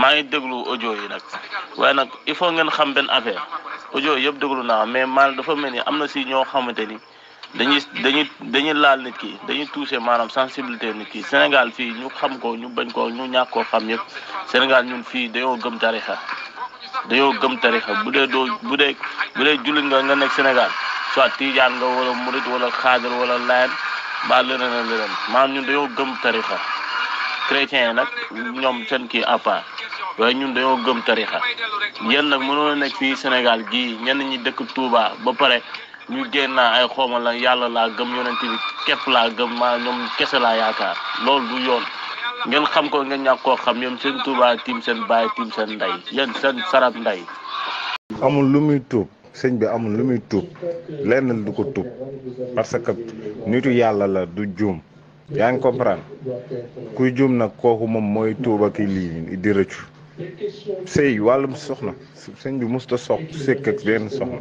maa ngi déglu audio yi nag waaye nag il faut ngeen xam benn affaire audio yi yëpp déglu naa mais maanaam dafa mel ni am na si ñoo xamante ni dañuy dañuy dañuy laal nit ki dañuy touché maanaam sensibilité nit ki Sénégal fii ñu xam ko ñu bañ ko ñu ñàkk koo xam yëpp Sénégal ñun fii dañoo gëm tarixa dañoo gëm tarixa bu dee doo bu dee bu dee jullit nga nga nekk Sénégal soit Tijaan nga wala Murit wala Xaadir wala Layen ba leneen leneen maanaam ñun dayo gëm tarixa chrétien yi nag ñoom seen kii à part waaye ñun dañoo gëm tarixa yéen nag mënoo nekk fii Sénégal gii ñenn ñi dëkk Touba ba pare ñu génn ay xooma la yàlla laa gëm yonent bi képp laa gëm maa ñoom kese laa yaakaar loolu du yoon ngeen xam ko ngeen ñàkk koo xam ñoom seen Touba tiim seen baay tiim seen ndey yéen seen sarat ndey. amul lu muy tuub sëñ bi amul lu muy tuub lenn du ko tuub parce que nitu yàlla la du juum yaa ngi comprendre kuy juum nag kooku moom mooy tuuba ki lii di rëccu. sëy wàllum soxna sëñ bi musta sox sëkk ak benn soxna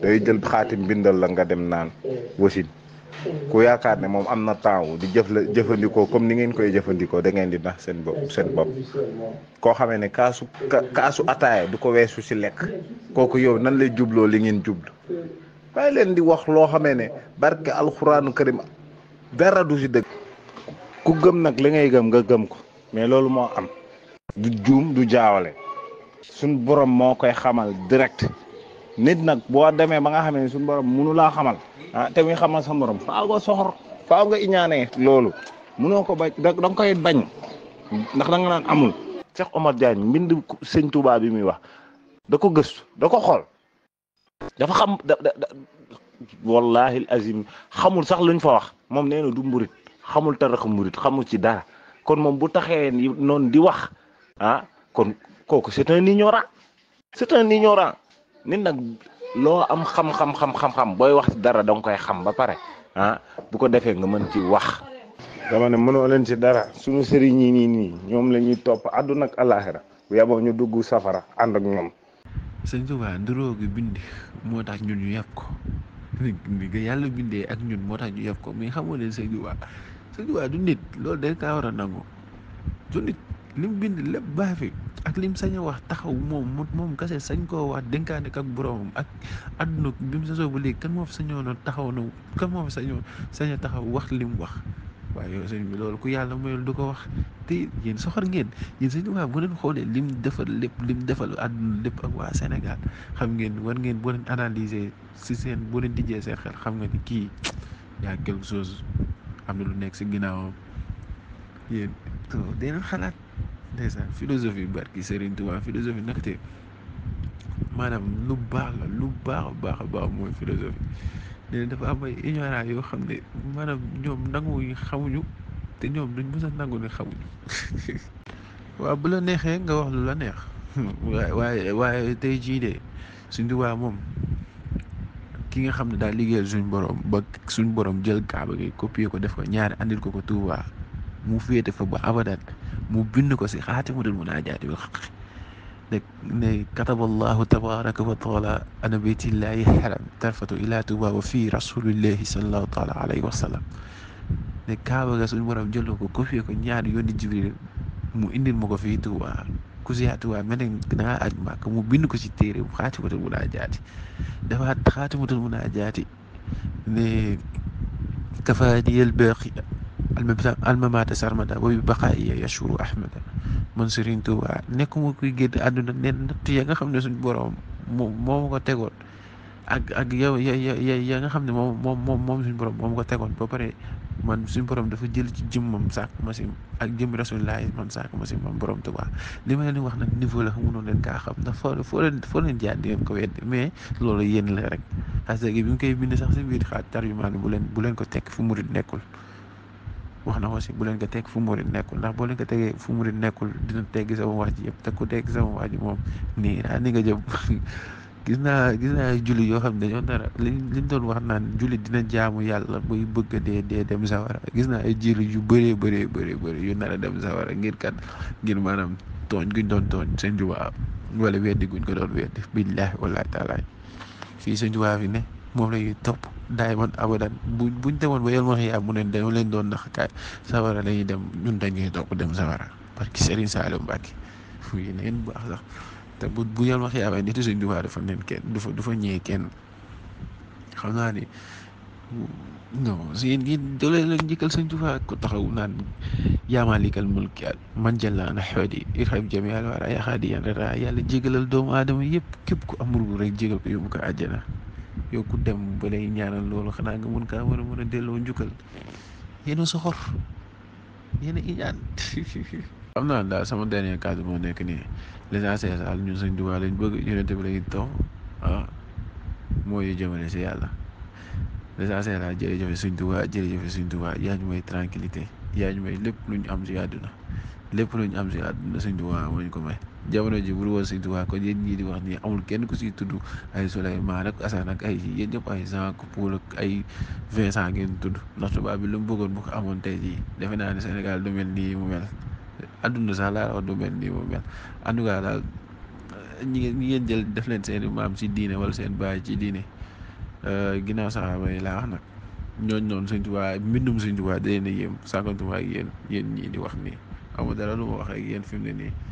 day jël xaatim bindal la nga dem naan wasin ku yaakaar ne moom am na temps di jëf jëfandikoo comme ni ngeen koy jëfandikoo da ngeen di nax seen bopp seen bopp koo xamee ne kaasu kaasu ataaya du ko weesu ci lekk kooku yow nan lay jubloo li ngeen jublu bàyyi leen di wax loo xamee ne barke alxuraanu karim dara du ci dëgg ku gëm nag li ngay gëm nga gëm ko mais loolu moo am du juum du jaawale suñ borom moo koy xamal direct nit nag boo demee ba nga xamee ne borom mënu laa xamal ah te muy xamal sa borom faaw nga soxor faaw nga iñaanee loolu mënoo ko bañ da nga koy bañ ndax da nga naan amul Cheikh Omar Diagne mbind sëñ Touba bi muy wax da ko gëstu da ko xool dafa xam da da wallahi azim xamul sax luñ fa wax moom nee na du mburit xamul tarax mburit xamul ci dara kon moom bu taxee noonu di wax Ah, kon kooku c'est un ignorant c'est ni nag loo am xam-xam xam-xam booy wax dara danga koy xam ba pare ah, bu ko defee nga mën ci wax. dama ne mënoo leen ci dara suñu sëriñ yi nii nii ñoom la ñuy topp àdduna ak àllaaxira bu yaboo ñu dugg safara ànd ak ñoom. sën Tuubaa nduroo gi bind moo tax ñun ñu yab ko ni nga yàlla bindee ak ñun moo tax ñu yab ko mais xamoo leen sëñ Tuubaa sëñ Tuubaa du nit loolu dañ kaa war a nangu du nit. li mu bind lépp baax fi ak lim sañ a wax taxaw moom moom kese sañ koo wax dénkaane ak boromam ak àdduna bi mu sosoo léegi kan moo fi sañoon taxaw na kan moo fi sañoon sañ taxaw wax li mu wax waaye yow sëñ loolu ku yàlla mayul du ko wax te yéen soxor ngeen yéen sëñ bu leen xoolee lim defal lépp lim defal àdduna lépp ak waa Sénégal xam ngeen war ngeen boo leen si seen boo leen dijjee seen xel xam nga ni kii yaa quelque chose am na lu nekk si ginnaawam yéen dinañ xalaat. ndeysaan philosophie barki Serigne Touba philosophie nag te maanaam lu baax la lu baax a baax a baax mooy philosophie nee dafa am ay ignorant yoo xam ne maanaam ñoom nanguwuñu xamuñu te ñoom duñ mës a nangu ne xamuñu waaw bu la neexee nga wax lu la neex waaye waaye tey jii de suñ Touba moom ki nga xam ne daal liggéeyal suñ borom ba suñ boroom jël kaaba gi copier ko def ko ñaari andil ko ko Touba mu féete fa ba abadan mu bind ko si xaatimul munaajaati bil xaq ne ne tabaraka wa taala ana beytillahi xaram tarfatu ila tuba wa fii rasulillahi salallahu taala alayhi wa kaaba ga suñu borom jëloo ko copier ko ñaari yónni jibril mu indil ma ko fii tuba ku si tuba mel ne da ngaa aj màkk mu bind ko si téere bu ne kafaaniyal baaqi alma maata sarmada boobu baqaayi yashuru ahmada man Serigne Touba nekkuma kuy génn àdduna ne natt ya nga xam ne suñ borom moom moo ko tegoon ak ak yow ya ya nga ne moom moom moom moom suñ borom moom ko tegoon ba pare man suñ borom dafa jël ci jëmmam sàkk masim ak jëmmi rasulillah man sàkk masim man borom Touba li ma leen wax nag niveau la mënoon leen kaa xam na foo foo leen foo leen jaar di ngeen loolu yéen la rek parce que bi mu koy bind sax si biir xaat tarjumaan bu leen ko tekk fu murid nekkul wax na aussi bu leen ko teg fu murit nekkul ndax boo leen ko tegee fu murit nekkul dina teggi sama wax ji yëpp te ku teggi sama wax ji moom nii ah ni nga jëm gis naa gis naa julli yoo xam ne dañoo dara li liñ doon wax naan julli dina jaamu yàlla buy bëgg dee dee dem sawara gis naa ay julli yu bëree bëree bëri bëri yu nar a dem sawara ngir kat ngir maanaam tooñ guñ doon tooñ seen jubaa wala weddi guñ ko doon weddi billaahi wallaahi taala fii seen jubaa fi ne moom la ñuy topp daayiman abadan bu buñ demoon ba yol ma xiyaam mu neen dañoo leen doon naxakaay sawara la ñuy dem ñun dañuy topp dem sawara parce que Serigne Saliou Mbacke fii na ngeen baax sax te bu bu yol ma xiyaamee nit suñ dufaa dafa neen kenn du fa du fa ñëwee kenn xam naa ni non si yéen gi doole la njëkkal sëñ Tuubaa ko taxaw naan yaamaalikal mulki man jalla na xewdi irham jami al wara yaxaadi yan rara yàlla jégalal doomu aadama yëpp képp ku amul rek jégal ko yóbbu ko àjjana yow dem ba lay ñaanal loolu xanaa nga mun ka war a mën a delloo njukkal yéen a soxor yéen a iñaan am naa daal sama dernier cadre moo nekk nii l'essentiel daal ñu Sëñ Tuubaa lañ bëgg yonent bi lañ toog ah mooy jëmale si yàlla l'essentiel daal jërëjëf Sëñ Tuubaa jërëjëf Sëñ Tuubaa yaa ñu may tranquillité yaa may lépp lu am si àdduna lépp lu ñu am si àdduna Sëñ Tuubaa moo ñu ko may. jamono ji bul woon Sëñ Tuubaa kon yéen ñii di wax nii amul kenn ku si tudd ay Souleymane ak Assane ak ay yéen ñëpp ay Jean ak Paul ak ay Vincent ngeen tudd ndax tubaab bi lu mu bëggoon amoon tey jii defe naa ne Sénégal du mel mu mel adduna sax laa wax du mel nii mu mel daal ñi ngeen ñi ngeen jël def leen seen maam ci diine wala seen baay ci diine euh, ginnaaw saxaaba yi laa wax nag ñooñu noonu Sëñ Tuubaa mbindum Sëñ Tuubaa da leen a yéem sàkkantuma ak yéen di wax nii amul dara lu ma wax ak yéen fi mu nii.